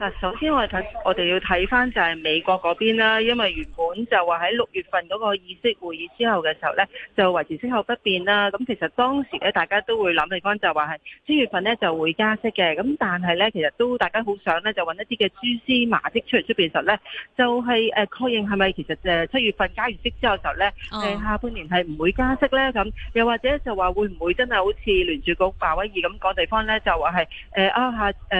嗱，首先我哋睇，我哋要睇翻就係美國嗰邊啦，因為原本就話喺六月份嗰個議息會議之後嘅時候咧，就維持息口不變啦。咁其實當時咧，大家都會諗地方就話係七月份咧就會加息嘅。咁但係咧，其實都大家好想咧就揾一啲嘅蛛絲馬跡出嚟出邊時候咧，就係誒確認係咪其實誒七月份加完息之後時候咧，下半年係唔會加息咧？咁又或者就話會唔會真係好似聯儲局鮑威爾咁講地方咧就話係誒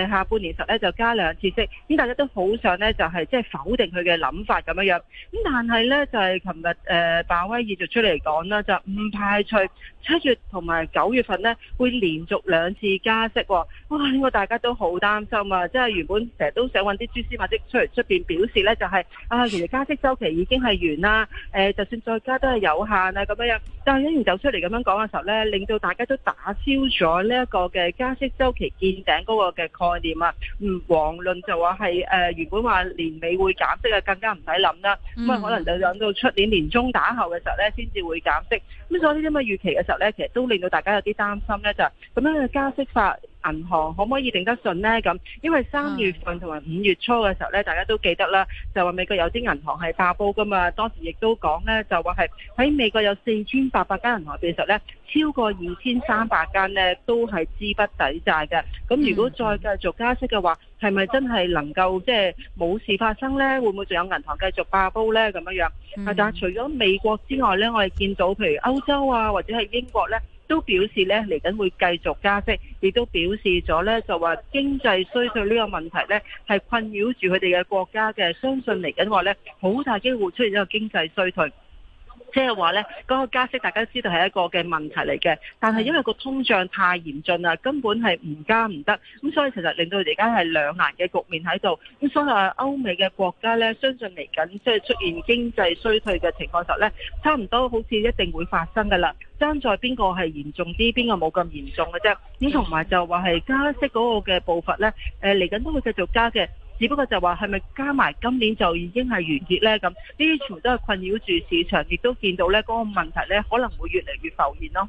下下半年時候咧就加兩次？咁大家都好想咧，就係即係否定佢嘅諗法咁樣樣。咁但係咧，就係琴日誒，鮑威爾就出嚟講啦，就唔排除七月同埋九月份咧會連續兩次加息喎、哦。哇、哦！個大家都好擔心啊，即、就、係、是、原本成日都想揾啲蛛絲馬跡出出邊表示咧、就是，就係啊，其實加息週期已經係完啦、呃。就算再加都係有限啊咁樣樣。但係一然就出嚟咁樣講嘅時候咧，令到大家都打消咗呢一個嘅加息週期見頂嗰個嘅概念啊。嗯，遑論就話係誒，原本話年尾會減息啊，更加唔使諗啦。咁啊，可能就諗到出年年中打後嘅時候咧，先至會減息。咁所以呢啲咁嘅預期嘅時候咧，其實都令到大家有啲擔心咧，就係咁樣嘅加息法。銀行可唔可以頂得順呢？咁因為三月份同埋五月初嘅時候咧、嗯，大家都記得啦，就話美國有啲銀行係爆煲噶嘛。當時亦都講咧，就話係喺美國有四千八百間銀行嘅時候咧，超過二千三百間咧都係資不抵債嘅。咁如果再繼續加息嘅話，係、嗯、咪、嗯、真係能夠即係冇事發生咧？會唔會仲有銀行繼續爆煲咧？咁樣樣、嗯，但係除咗美國之外咧，我哋見到譬如歐洲啊，或者係英國咧，都表示咧，嚟緊會繼續加息，亦都表示咗咧，就話經濟衰退呢個問題咧，係困擾住佢哋嘅國家嘅，相信嚟緊話咧，好大機會出現一個經濟衰退。即係話呢，嗰個加息大家都知道係一個嘅問題嚟嘅，但係因為個通脹太嚴峻啦，根本係唔加唔得，咁所以其實令到而家係兩難嘅局面喺度。咁所以話歐美嘅國家呢，相信嚟緊即係出現經濟衰退嘅情況時候呢，差唔多好似一定會發生噶啦。爭在邊個係嚴重啲，邊個冇咁嚴重嘅啫。咁同埋就話係加息嗰個嘅步伐呢，誒嚟緊都會繼續加嘅。只不過就話係咪加埋今年就已經係完結咧？咁呢啲全部都係困擾住市場，亦都見到咧嗰個問題咧，可能會越嚟越浮現咯。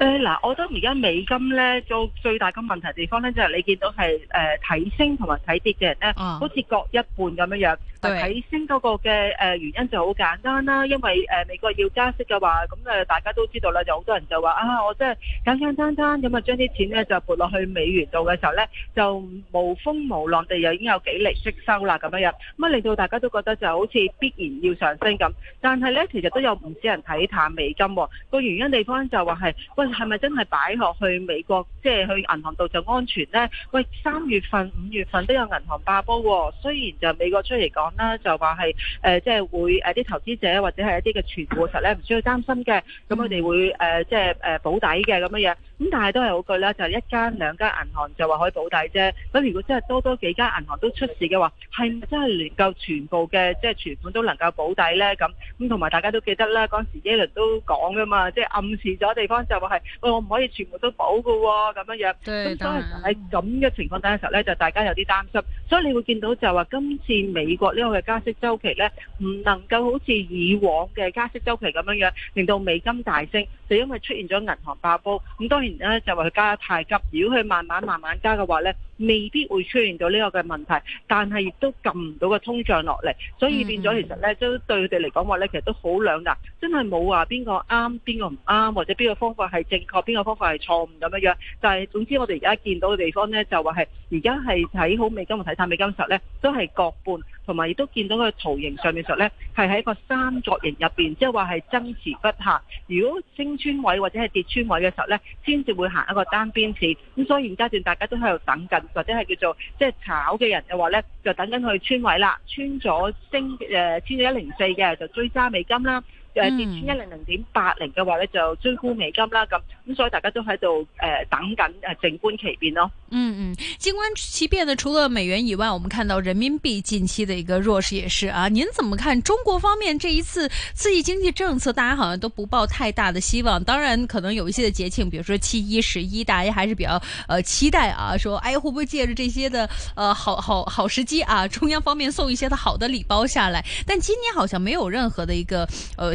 誒、呃、嗱，我覺得而家美金咧做最大嘅問題的地方咧，就係、是、你見到係誒睇升同埋睇跌嘅人咧，Oh. 好似各一半咁樣睇、Okay. 升嗰個嘅、呃、原因就好簡單啦，因為、呃、美國要加息嘅話，咁大家都知道啦，就好多人就話啊，我真係簡，簡簡單單咁啊，將啲錢咧就撥落去美元度嘅時候咧，就無風無浪地又已經有幾釐息收啦咁樣樣。咁啊令到大家都覺得就好似必然要上升咁，但係咧其實都有唔少人睇淡美金、啊，個原因地方就話係，喂。係咪真係擺落去美國，即係去銀行度就安全呢？喂，三月份、五月份都有銀行爆煲喎。雖然就美國出嚟講啦，就話係即係會誒啲投資者或者係一啲嘅存戶實咧唔需要擔心嘅，咁佢哋會誒即係誒保底嘅咁樣。咁但係都係好句啦，就係、一間兩間銀行就話可以保底啫。咁如果真係多多幾間銀行都出事嘅話，係咪真係能夠全部嘅即係存款都能夠保底咧？咁咁同埋大家都記得啦，嗰陣時耶倫都講噶嘛，即、就、係、是、暗示咗地方就話係、哎、我唔可以全部都保㗎喎、哦，咁樣樣。咁當係喺咁嘅情況底下時候咧，就大家有啲擔心。所以你會見到就話今次美國呢個嘅加息周期咧，唔能夠好似以往嘅加息周期咁樣樣，令到美金大升，就因為出現咗銀行爆煲。咁當然。就話佢加太急，如果佢慢慢慢慢加嘅話咧。未必會出現到呢個嘅問題，但係亦都撳唔到個通脹落嚟，所以變咗其實咧都對佢哋嚟講話咧，其實都好兩難，真係冇話邊個啱邊個唔啱，或者邊個方法係正確，邊個方法係錯誤咁樣樣。但係總之，我哋而家見到嘅地方咧，就話係而家係睇好美金同睇淡美金時候咧，都係各半，同埋亦都見到佢圖形上面時候咧係喺一個三角形入面，即係話係爭持不下。如果升穿位或者係跌穿位嘅時候咧，先至會行一個單邊線。咁所以而家段大家都喺度等緊。或者係叫做即係、就是、炒嘅人嘅話咧，就等緊去穿位啦，穿咗升誒、呃，穿咗一零四嘅就追加美金啦。誒，跌穿一零零點八零嘅話呢，就追乎美金啦咁，咁所以大家都喺度誒，等緊誒，靜觀其變咯。嗯嗯，靜觀其變呢？除了美元以外，我們看到人民幣近期的一個弱勢也是啊。您怎麼看中國方面這一次刺激經濟政策？大家好像都不抱太大的希望。當然可能有一些的節慶，比如說七一十一，大家還是比較呃期待啊，說哎會不會借着這些的呃好好好時機啊，中央方面送一些的好的禮包下來？但今年好像沒有任何的一個呃。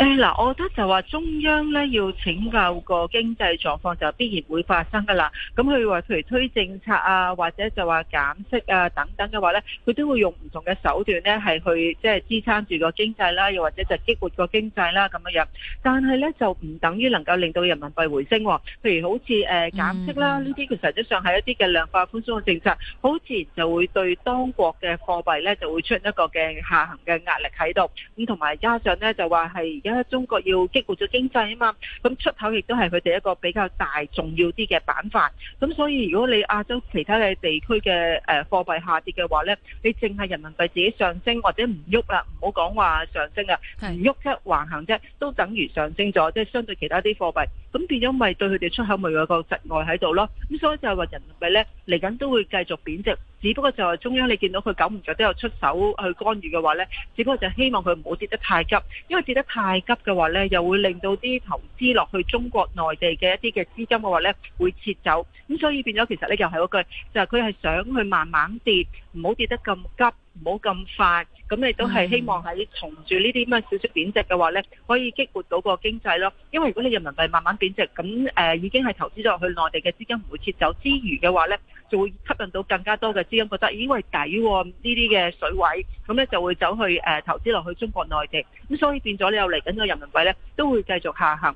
誒、哎，嗱，我覺得就話中央咧要拯救個經濟狀況，就必然會發生噶啦。咁佢話譬如推政策啊，或者就話減息啊等等嘅話咧，佢都會用唔同嘅手段咧，係去即係支撐住個經濟啦，又或者就激活個經濟啦咁樣樣。但係咧就唔等於能夠令到人民幣回升，哦。譬如好似誒減息啦，呢啲其實質上係一啲嘅量化寬鬆嘅政策，好似就會對當國嘅貨幣咧就會出一個嘅下行嘅壓力喺度。咁同埋加上咧就話係中國要激活咗經濟啊嘛，咁出口亦都係佢哋一個比較大重要啲嘅板塊，咁所以如果你亞洲其他嘅地區嘅貨幣下跌嘅話咧，你淨係人民幣自己上升或者唔喐啦，唔好講話上升啊，唔喐即係橫行啫，都等於上升咗，即係相對其他啲貨幣。咁變咗咪對佢哋出口咪有個窒礙喺度咯，咁所以就係話人民幣咧嚟緊都會繼續貶值，只不過就係中央你見到佢久唔久都有出手去干預嘅話咧，只不過就希望佢唔好跌得太急，因為跌得太急嘅話咧，又會令到啲投資落去中國內地嘅一啲嘅資金嘅話咧，會撤走，咁所以變咗其實咧又係嗰句，就係佢係想去慢慢跌，唔好跌得咁急。唔好咁快，咁你都係希望喺從住呢啲咩少少貶值嘅話咧，可以激活到個經濟咯。因為如果你人民幣慢慢貶值，咁誒、呃、已經係投資咗落去內地嘅資金唔會撤走之餘嘅話咧，就會吸引到更加多嘅資金覺得咦，喂抵呢啲嘅水位，咁咧就會走去誒、呃、投資落去中國內地，咁所以變咗你又嚟緊個人民幣咧都會繼續下行。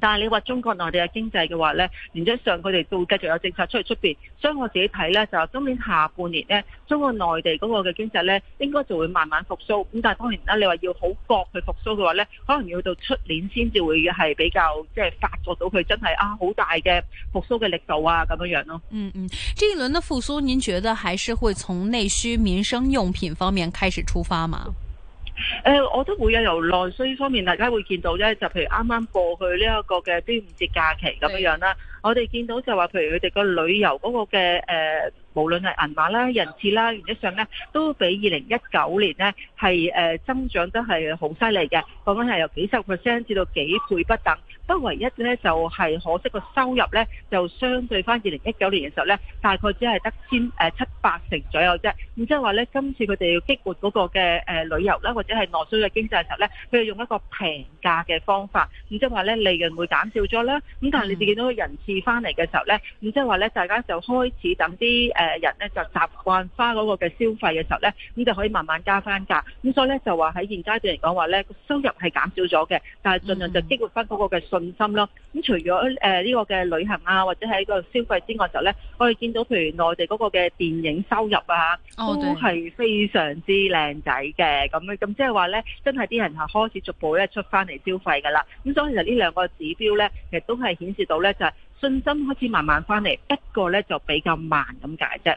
但係你話中國內地嘅經濟嘅話咧，原則上佢哋都會繼續有政策出嚟出邊，所以我自己睇咧就係今年下半年咧，中國內地嗰個嘅經濟咧應該就會慢慢復甦。咁但係當然啦，你說要很的話要好確去復甦嘅話咧，可能要到出年先至會係比較即係、就是、發覺到佢真係啊好大嘅復甦嘅力度啊咁樣樣咯。嗯嗯，呢一輪嘅復甦，您覺得還是會從內需民生用品方面開始出發嗎？誒、呃，我都會有由內需方面，大家會見到咧，就譬如啱啱過去呢、這、一個嘅端午節假期咁樣樣啦，我哋見到就話，譬如佢哋個旅遊嗰個嘅誒。呃無論係銀碼啦、人次啦，原則上咧都比二零一九年咧係誒增長得係好犀利嘅，講緊係由幾十 percent 至到幾倍不等。不過唯一咧就係、是、可惜個收入咧就相對翻二零一九年嘅時候咧，大概只係得千誒、呃、七八成左右啫。咁即係話咧，今次佢哋要激活嗰個嘅誒旅遊啦，或者係內需嘅經濟嘅時候咧，佢哋用一個平價嘅方法，咁即係話咧利潤會減少咗啦。咁但係你哋見到人次翻嚟嘅時候咧，咁即係話咧大家就開始等啲誒。呃嘅人咧就習慣花嗰個嘅消費嘅時候咧，咁就可以慢慢加翻價。咁所以咧就話喺現階段嚟講話咧，收入係減少咗嘅，但係盡量就激活翻嗰個嘅信心咯。咁、嗯嗯、除咗呢、呃呢個嘅旅行啊，或者喺個消費之外嘅時候咧，我哋見到譬如內地嗰個嘅電影收入啊，哦、都係非常之靚仔嘅咁樣。咁即係話咧，真係啲人係開始逐步一出翻嚟消費噶啦。咁所以其實呢兩個指標咧，其實都係顯示到咧就係、係。信心開始慢慢翻嚟，不過咧就比較慢咁解啫。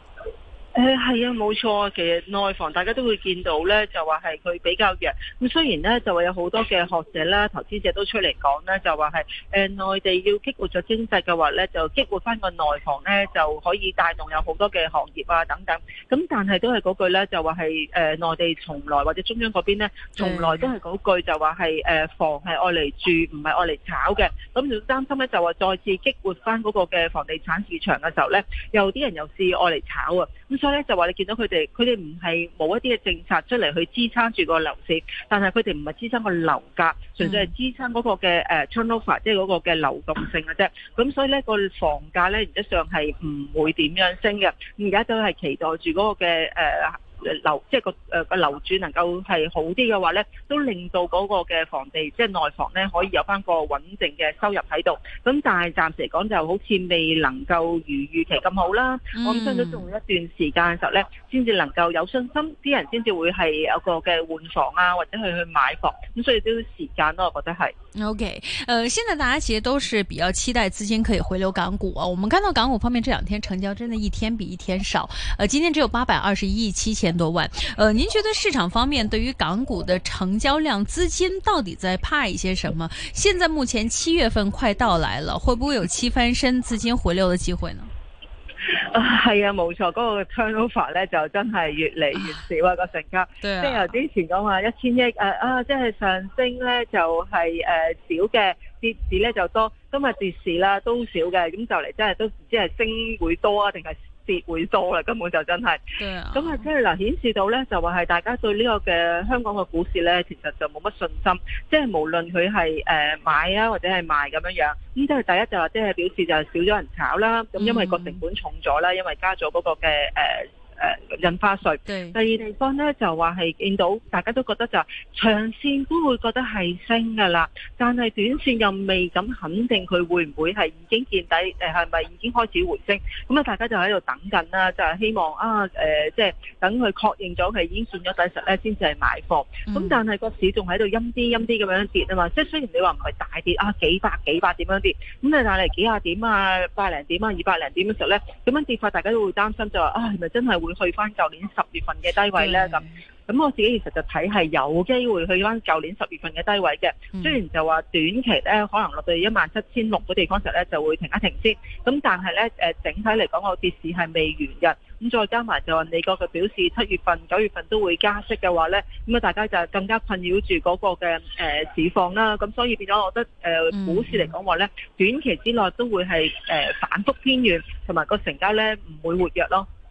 誒、呃、係啊，冇錯。其實內房大家都會見到咧，就話係佢比較弱。咁雖然咧就話有好多嘅學者啦、投資者都出嚟講咧，就話係誒內地要激活咗經濟嘅話咧，就激活翻個內房咧，就可以帶動有好多嘅行業啊等等。咁但係都係嗰句咧，就話係誒內地從來或者中央嗰邊咧，從來都係嗰句就話係誒房係愛嚟住，唔係愛嚟炒嘅。咁擔心咧，就話再次激活翻嗰個嘅房地產市場嘅時候咧，有啲人又試愛嚟炒啊！咁所以咧就話你見到佢哋，佢哋唔係冇一啲嘅政策出嚟去支撐住個樓市，但係佢哋唔係支撐個樓價，純粹係支撐嗰個嘅誒 turnover，即係嗰個嘅流動性嘅啫。咁所以咧個房價咧，原則上係唔會點樣升嘅。咁而家都係期待住嗰個嘅誒。Uh, 樓即係個誒個樓主能夠係好啲嘅話咧，都令到嗰個嘅房地即係、就是、內房咧可以有翻個穩定嘅收入喺度。咁但係暫時嚟講就好似未能夠如預期咁好啦。我相信都仲一段時間嘅時候咧，先至能夠有信心，啲人先至會係有個嘅換房啊，或者去去買房。咁所以都要時間咯，我覺得係。OK，誒，現在大家其實都是比較期待資金可以回流港股啊。我們看到港股方面，這兩天成交真的一天比一天少。誒、呃，今天只有八百二十一億七千。千多萬，呃，您覺得市場方面對於港股的成交量、資金到底在怕一些什麼？現在目前七月份快到來了，會不會有七翻身、資金回流的機會呢？係啊，冇、啊、錯，嗰、嗰個 turnover 咧就真係越嚟越少啊，啊、個成交，即係由之前講話一千億，啊，啊即係上升咧就係誒少嘅，跌市咧就多，今日跌市啦都少嘅，咁就嚟真係都唔知係升會多啊定係？還是跌會多啦，根本就真係。咁啊，即係嗱，顯示到咧就話係大家對呢個嘅香港嘅股市咧，其實就冇乜信心。即係無論佢係誒買啊，或者係賣咁樣樣，呢都係第一就話，即係表示就係少咗人炒啦。咁因為個成本重咗啦，因為加咗嗰個嘅誒。呃誒印花稅。第二地方咧就話係見到大家都覺得就長線都會覺得係升噶啦，但係短線又未敢肯定佢會唔會係已經見底，誒係咪已經開始回升？咁、嗯、啊、 嗯嗯嗯、大家就喺度等緊啦，就係、是、希望啊即係、呃就是、等佢確認咗佢已經算咗底實咧，先至係買貨。咁、嗯、但係個市仲喺度陰啲陰啲咁樣跌啊嘛，即係雖然你話唔係大跌啊幾百幾百點樣跌，咁你但係幾廿點啊百零點啊二百零點嘅、啊、時候咧，咁樣跌法大家都會擔心就話啊係咪真係會？去翻舊年十月份嘅低位咧，咁咁我自己其實就睇係有機會去翻舊年十月份嘅低位嘅、嗯，雖然就話短期咧可能落到一萬七千六嘅地方時候咧就會停一停先，咁但係咧誒整體嚟講個跌市係未完嘅，咁再加埋就話美國嘅表示七月份、九月份都會加息嘅話咧，咁啊大家就更加困擾住嗰個嘅誒、呃、市況啦，咁所以變咗我覺得誒、呃、股市嚟講話咧，短期之內都會係誒、呃、反覆偏軟，同埋個成交咧唔會活躍咯。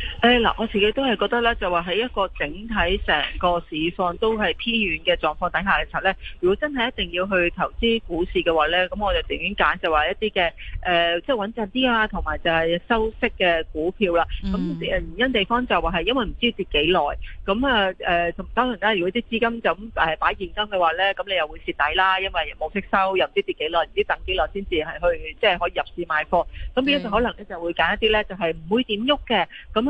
誒、哎、嗱，我自己都係覺得咧，就話喺一個整體成個市況都係偏軟嘅狀況底下嘅時候咧，如果真係一定要去投資股市嘅話咧，咁我就寧願揀就話一啲嘅誒，即、呃、係、就是、穩陣啲啊，同埋就係收息嘅股票啦。咁、嗯、原因地方就話係因為唔知跌幾耐，咁啊誒，當然啦，如果啲資金就咁誒擺現金嘅話咧，咁你又會蝕底啦，因為冇息收，又唔知跌幾耐，唔知等幾耐先至係去即係、就是、可以入市買貨。咁因此可能咧就會揀一啲咧就係、是、唔會點喐嘅，咁。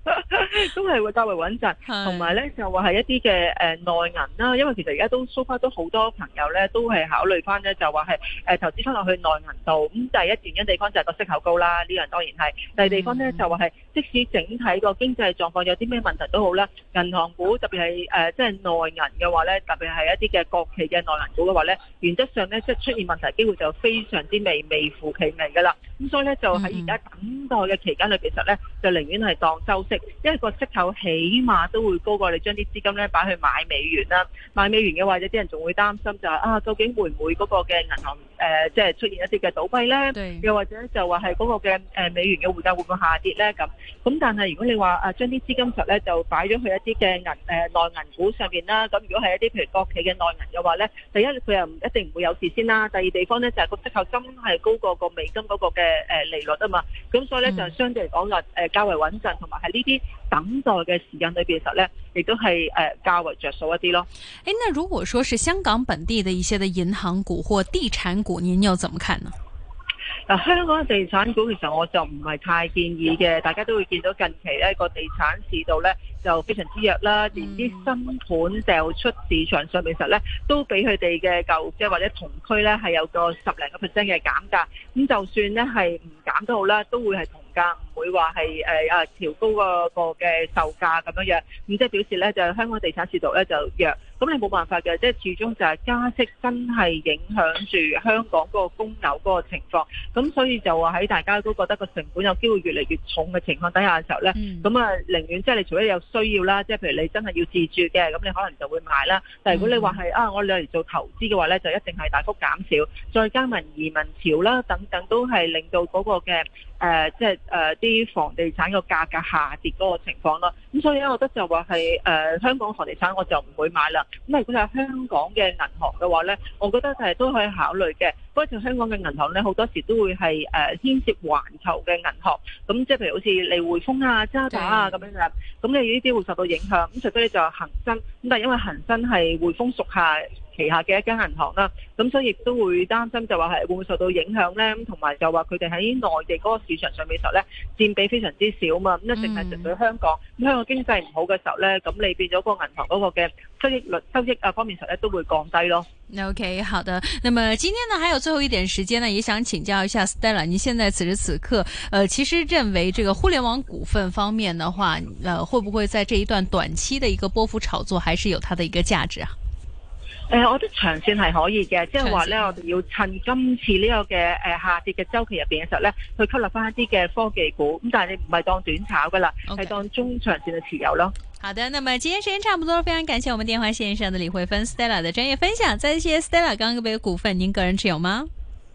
都係會較為穩陣，同埋咧就話係一啲嘅誒內銀啦，因為其實而家都收翻咗好多朋友咧，都係考慮翻咧就話係誒投資翻落去內銀度，咁、嗯、第一原因地方就係個息口高啦，呢樣當然係，第二地方咧就話係即使整體個經濟狀況有啲咩問題都好啦，銀行股特別係誒即係內銀嘅話咧，特別係一啲嘅國企嘅內銀股嘅話咧，原則上咧即係出現問題機會就非常之微，微乎其微噶啦，咁所以咧就喺而家等待嘅期間裏，其實咧就寧願係當收。因為個息口，起碼都會高過你將啲資金咧擺去買美元啦。買美元嘅話，有啲人仲會擔心就係啊，究竟會唔會嗰個嘅銀行誒、呃，即係出現一啲嘅倒閉咧，又或者就話係嗰個嘅誒、呃、美元嘅匯價會唔會下跌咧？咁咁，但係如果你話啊，將啲資金入咧就擺咗去一啲嘅銀誒內、呃、銀股上邊啦，咁、啊、如果係一啲譬如國企嘅內銀嘅話咧，第一佢又唔一定唔會有事先啦，第二地方咧就係、是、個息口金係高過個美金嗰個嘅誒、呃、利率啊嘛，咁所以咧、嗯、就相對嚟講話誒較為穩陣，同埋係呢啲。等待嘅時間裏邊，實咧亦都係誒、呃、較為着數一啲咯。誒、哎，那如果說是香港本地的一些的銀行股或地產股，您又怎麼看呢？嗱、呃，香港地產股其實我就唔係太建議嘅，大家都會見到近期呢個地產市道咧就非常之弱啦，連啲新盤掉出市場上面實咧都比佢哋嘅舊即係或者同區咧係有個十零個 percent 嘅減價。咁就算呢係唔減都好啦，都會係同價唔會話係誒啊調高、嗰個、嗰個嘅售價咁樣樣，咁即係表示咧就是、香港地產市道咧就弱。咁你冇辦法嘅，即係始終就係加息真係影響住香港嗰個供樓嗰個情況，咁所以就話喺大家都覺得個成本有機會越嚟越重嘅情況底下嘅時候咧，咁、嗯、啊，寧願即係你除非有需要啦，即係譬如你真係要自住嘅，咁你可能就會買啦。但係如果你話係、嗯、啊，我嚟做投資嘅話咧，就一定係大幅減少。再加埋移民潮啦，等等都係令到嗰個嘅誒，即係啲房地產個價格下跌嗰個情況啦。咁所以咧，我覺得就話係誒香港房地產我就唔會買啦。咁如果係香港嘅銀行嘅話咧，我覺得誒都可以考慮嘅。不過就香港嘅銀行咧，好多時都會係誒、呃、牽涉環球嘅銀行，咁即係譬如好似嚟匯豐啊、渣打啊咁樣啦。咁你呢啲會受到影響。咁除非你就恒生，咁但係因為恒生係匯豐屬下。旗下嘅一間銀行啦，咁所以亦都會擔心就話係會唔會受到影響咧，同埋就話佢哋喺內地嗰個市場上面時候咧，佔比非常之少嘛，咁一定係集中喺香港。咁香港經濟唔好嘅時候咧，咁你變咗個銀行嗰個嘅收益率、收益啊方面時候咧都會降低咯。OK，好的。那麼今天呢，還有最後一點時間呢，也想請教一下 Stella，你現在此時此刻，呃，其實認為這個互聯網股份方面的話，呃，會不會在這一段短期嘅一個波幅炒作，還是有它嘅一個價值啊？誒，我覺得長線係可以嘅，即係話咧，我哋要趁今次呢個嘅，誒、呃、下跌嘅週期入邊嘅時候咧，去吸納翻一啲嘅科技股，咁但係你唔係當短炒噶啦，係、okay. 當中長線嘅持有咯。好的，那麼今天時間差不多，非常感謝我們電話線上的李慧芬 Stella 嘅專業分享。再謝 Stella，剛剛嗰筆股份，您個人持有嗎？